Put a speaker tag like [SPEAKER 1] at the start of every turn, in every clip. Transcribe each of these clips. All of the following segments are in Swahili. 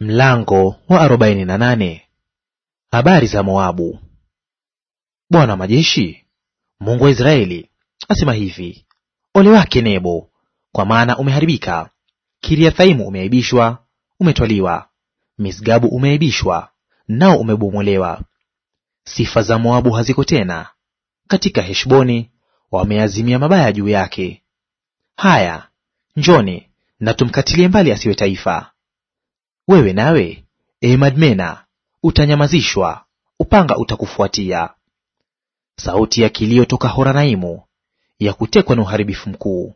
[SPEAKER 1] Mlango wa arobaini na nane. Habari za Moabu. Bwana wa majeshi, Mungu wa Israeli, asema hivi: Ole wake Nebo, kwa maana umeharibika. Kiriathaimu umeaibishwa, umetwaliwa. Misgabu umeaibishwa, nao umebomolewa. Sifa za Moabu haziko tena. Katika Heshboni wameazimia mabaya juu yake. Haya, njoni na tumkatilie mbali asiwe taifa. Wewe nawe, e Madmena, utanyamazishwa; upanga utakufuatia. Sauti ya kilio toka Horonaimu, ya kutekwa na uharibifu mkuu.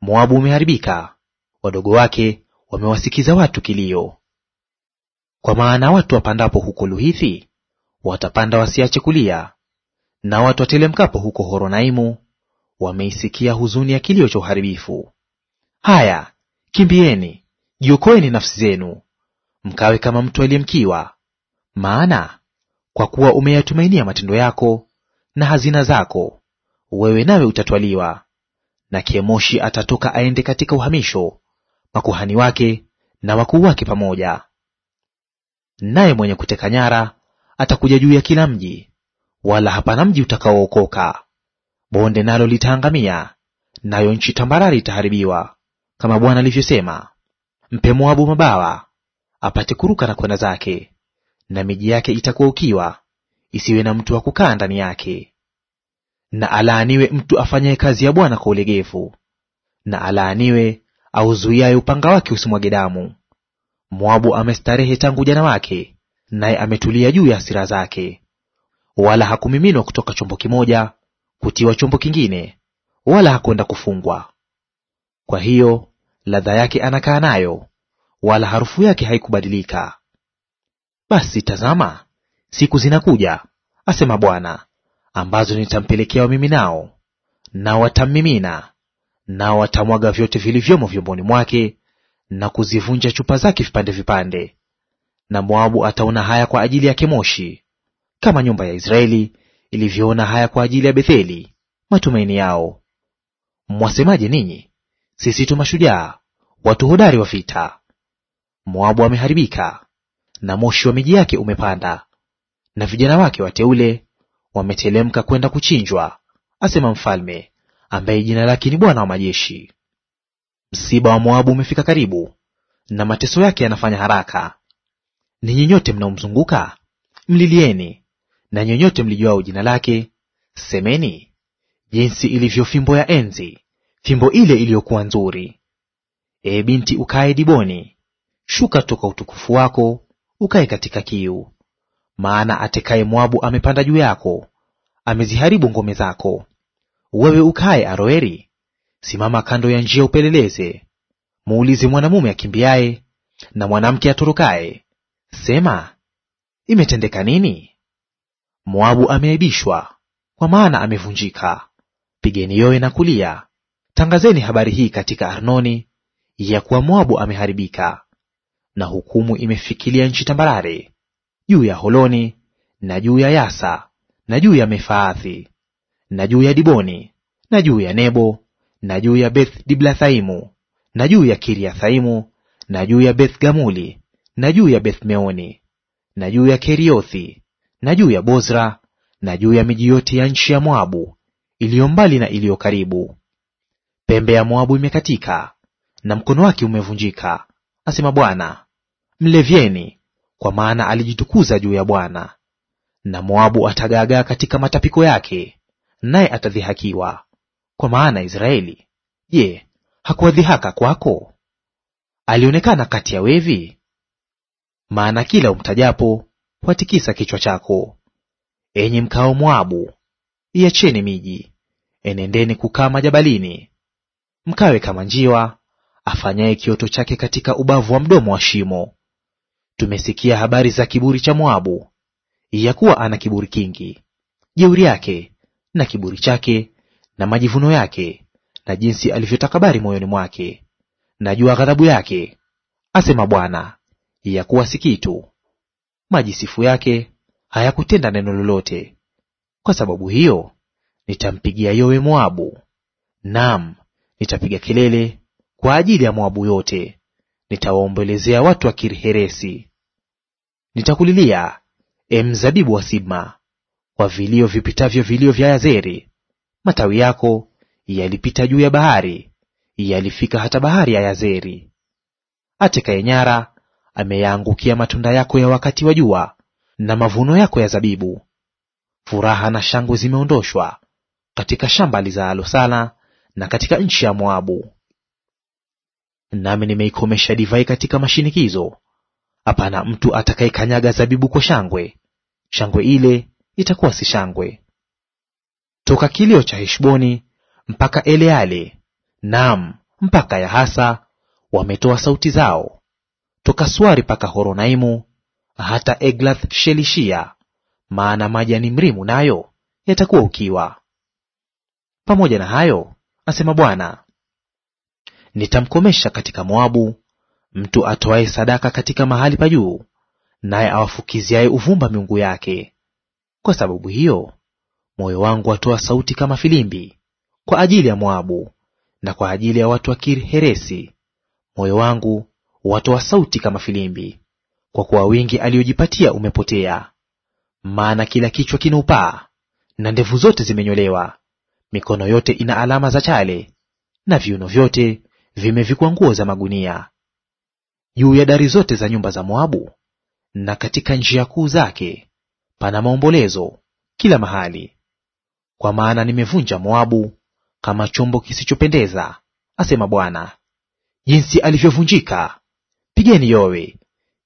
[SPEAKER 1] Moabu umeharibika, wadogo wake wamewasikiza watu kilio. Kwa maana watu wapandapo huko Luhithi watapanda wasiache kulia, na watu watelemkapo huko Horonaimu wameisikia huzuni ya kilio cha uharibifu. Haya, kimbieni, jiokoeni nafsi zenu, mkawe kama mtu aliyemkiwa. Maana kwa kuwa umeyatumainia matendo yako na hazina zako, wewe nawe utatwaliwa. Na Kemoshi atatoka aende katika uhamisho, makuhani wake na wakuu wake pamoja naye. Mwenye kuteka nyara atakuja juu ya kila mji, wala hapana mji utakaookoka. Bonde nalo litaangamia, nayo nchi tambarari itaharibiwa, kama Bwana alivyosema. Mpe Moabu mabawa, apate kuruka na kwenda zake, na miji yake itakuwa ukiwa, isiwe na mtu wa kukaa ndani yake. Na alaaniwe mtu afanyaye kazi ya Bwana kwa ulegevu, na alaaniwe auzuiaye upanga wake usimwage damu. Moabu amestarehe tangu ujana wake, naye ametulia juu ya hasira zake, wala hakumiminwa kutoka chombo kimoja kutiwa chombo kingine, wala hakwenda kufungwa. Kwa hiyo ladha yake anakaa nayo, wala harufu yake haikubadilika. Basi tazama, siku zinakuja, asema Bwana, ambazo nitampelekea mimi nao, nao watammimina, nao watamwaga vyote vilivyomo vyomboni mwake na kuzivunja chupa zake vipande vipande. Na Moabu ataona haya kwa ajili ya Kemoshi, kama nyumba ya Israeli ilivyoona haya kwa ajili ya Betheli, matumaini yao. Mwasemaje ninyi, sisi tu mashujaa, watu hodari wa vita? Moabu ameharibika na moshi wa miji yake umepanda, na vijana wake wateule wametelemka kwenda kuchinjwa, asema mfalme, ambaye jina lake ni Bwana wa majeshi. Msiba wa Moabu umefika karibu, na mateso yake yanafanya haraka. Ninyi nyote mnaomzunguka mlilieni, na nyonyote mlijuao jina lake semeni, jinsi ilivyo fimbo ya enzi, fimbo ile iliyokuwa nzuri. E binti ukae Diboni, Shuka toka utukufu wako ukae katika kiu, maana atekaye Moabu amepanda juu yako, ameziharibu ngome zako. Wewe ukaye Aroeri, simama kando ya njia upeleleze, muulize mwanamume akimbiaye na mwanamke atorokaye, sema, imetendeka nini? Moabu ameaibishwa, kwa maana amevunjika. Pigeni yowe na kulia, tangazeni habari hii katika Arnoni, ya kuwa Moabu ameharibika na hukumu imefikilia nchi tambarare, juu ya Holoni na juu ya Yasa na juu ya Mefaathi na juu ya Diboni na juu ya Nebo na juu ya Beth Diblathaimu na juu ya Kiriathaimu na juu ya Beth Gamuli na juu ya Bethmeoni na juu ya Keriothi na juu ya Bozra na juu ya miji yote ya nchi ya Moabu iliyo mbali na iliyo karibu. Pembe ya Moabu imekatika na mkono wake umevunjika, asema Bwana, Mlevyeni, kwa maana alijitukuza juu ya Bwana. Na Moabu atagaagaa katika matapiko yake, naye atadhihakiwa. Kwa maana Israeli, je, hakuwadhihaka kwako? Alionekana kati ya wevi? Maana kila umtajapo watikisa kichwa chako. Enyi mkao Moabu, iacheni miji, enendeni kukaa majabalini, mkawe kama njiwa afanyaye kioto chake katika ubavu wa mdomo wa shimo. Tumesikia habari za kiburi cha Moabu, ya kuwa ana kiburi kingi, jeuri yake na kiburi chake na majivuno yake, na jinsi alivyotakabari moyoni mwake. Najua ghadhabu yake, asema Bwana, ya kuwa si kitu; majisifu yake hayakutenda neno lolote. Kwa sababu hiyo nitampigia yowe Moabu, naam, nitapiga kelele kwa ajili ya Moabu yote; nitawaombolezea watu wa Kirheresi. Nitakulilia, e mzabibu wa Sibma, kwa vilio vipitavyo vilio vya Yazeri. Matawi yako yalipita juu ya bahari, yalifika hata bahari ya Yazeri. Atekaye nyara ameyaangukia matunda yako ya wakati wa jua na mavuno yako ya zabibu. Furaha na shangwe zimeondoshwa katika shamba lizaalo sana na katika nchi ya Moabu. Nami nimeikomesha divai katika mashinikizo Hapana mtu atakayekanyaga zabibu kwa shangwe; shangwe ile itakuwa si shangwe. Toka kilio cha Heshboni mpaka Eleale, naam mpaka Yahasa, wametoa sauti zao; toka Swari mpaka Horonaimu, hata Eglath Shelishia, maana maji ya Nimrimu nayo yatakuwa ukiwa. Pamoja na hayo, asema Bwana, nitamkomesha katika Moabu mtu atoaye sadaka katika mahali pa juu, naye awafukiziaye uvumba miungu yake. Kwa sababu hiyo moyo wangu watoa sauti kama filimbi kwa ajili ya Moabu, na kwa ajili ya watu wa Kir Heresi moyo wangu watoa sauti kama filimbi, kwa kuwa wingi aliyojipatia umepotea. Maana kila kichwa kina upaa na ndevu zote zimenyolewa, mikono yote ina alama za chale, na viuno vyote vimevikwa nguo za magunia juu ya dari zote za nyumba za Moabu na katika njia kuu zake pana maombolezo kila mahali. Kwa maana nimevunja Moabu kama chombo kisichopendeza, asema Bwana. Jinsi alivyovunjika! Pigeni yowe!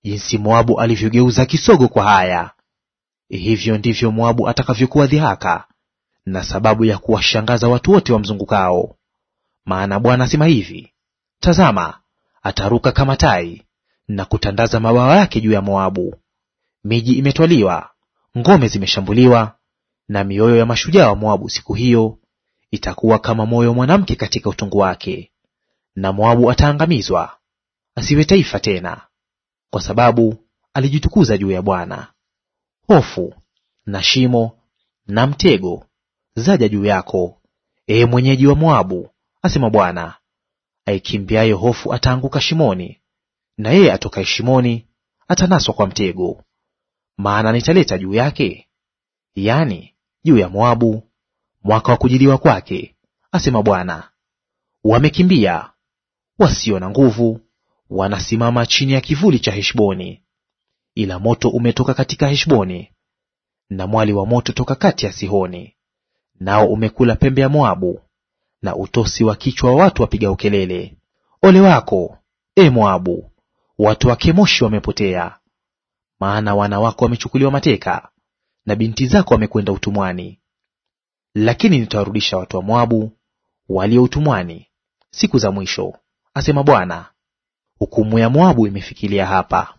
[SPEAKER 1] Jinsi Moabu alivyogeuza kisogo kwa haya! Hivyo ndivyo Moabu atakavyokuwa dhihaka na sababu ya kuwashangaza watu wote wamzungukao. Maana Bwana asema hivi: Tazama, ataruka kama tai na kutandaza mabawa yake juu ya Moabu. Miji imetwaliwa, ngome zimeshambuliwa, na mioyo ya mashujaa wa Moabu siku hiyo itakuwa kama moyo mwanamke katika utungu wake, na Moabu ataangamizwa, asiwe taifa tena, kwa sababu alijitukuza juu ya Bwana. Hofu na shimo na mtego zaja juu yako, ee mwenyeji wa Moabu, asema Bwana aikimbiaye hofu ataanguka shimoni, na yeye atokaye shimoni atanaswa kwa mtego. Maana nitaleta juu yake, yani juu ya Moabu, mwaka wa kujiliwa kwake, asema Bwana. Wamekimbia wasio na nguvu, wanasimama chini ya kivuli cha Heshboni, ila moto umetoka katika Heshboni na mwali wa moto toka kati ya Sihoni, nao umekula pembe ya Moabu na utosi wa kichwa wa watu wapiga ukelele Ole wako, e Moabu! Watu wa Kemoshi wamepotea, maana wana wako wamechukuliwa mateka na binti zako wamekwenda utumwani. Lakini nitawarudisha watu wa Moabu walio utumwani siku za mwisho, asema Bwana. Hukumu ya Moabu imefikilia hapa.